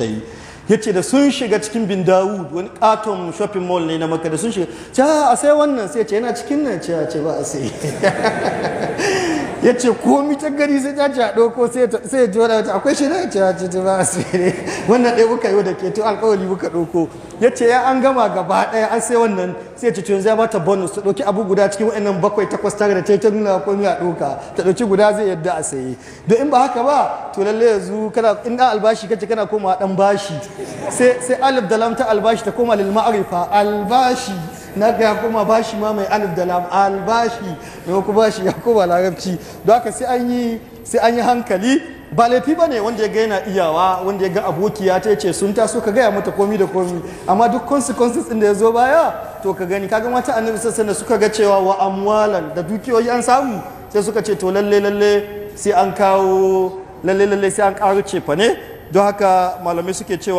ta yi ya ce da sun shiga cikin bin dawud wani katon shopping mall ne na maka da sun shiga ce a sai wannan sai ce yana cikin nan ce a ce ba a sai ya ce komi ta gari sai ta ci a ɗauko sai ya ji wani wata akwai shirya ce ya ta ba a wannan ɗaya muka yi da ke to alkawari muka ɗauko ya ce ya an gama gaba ɗaya an sai wannan sai ce yanzu zai ta bonus ta ɗauki abu guda cikin wa'annan bakwai takwas tare da ta yi nuna komi a ɗauka ta ɗauki guda zai yadda a saye don in ba haka ba to lalle yanzu kana in ɗan albashi kace kana koma dan bashi sai alif da lamta albashi ta koma lil ma'arifa albashi na ga kuma bashi ma mai alif da lam albashi mai ku bashi ya kuma larabci don haka sai an yi an yi hankali ba laifi ba ne wanda ya ga yana iyawa wanda ya ga abokiya ta ce sun taso ka gaya mata komi da komi amma duk consequences din da ya zo baya to ka gani kaga mata annabi sassan da suka ga cewa wa amwalan da dukiyoyi an samu sai suka ce to lalle lalle sai an kawo lalle lalle sai an karo cefa ne don haka malamai suke cewa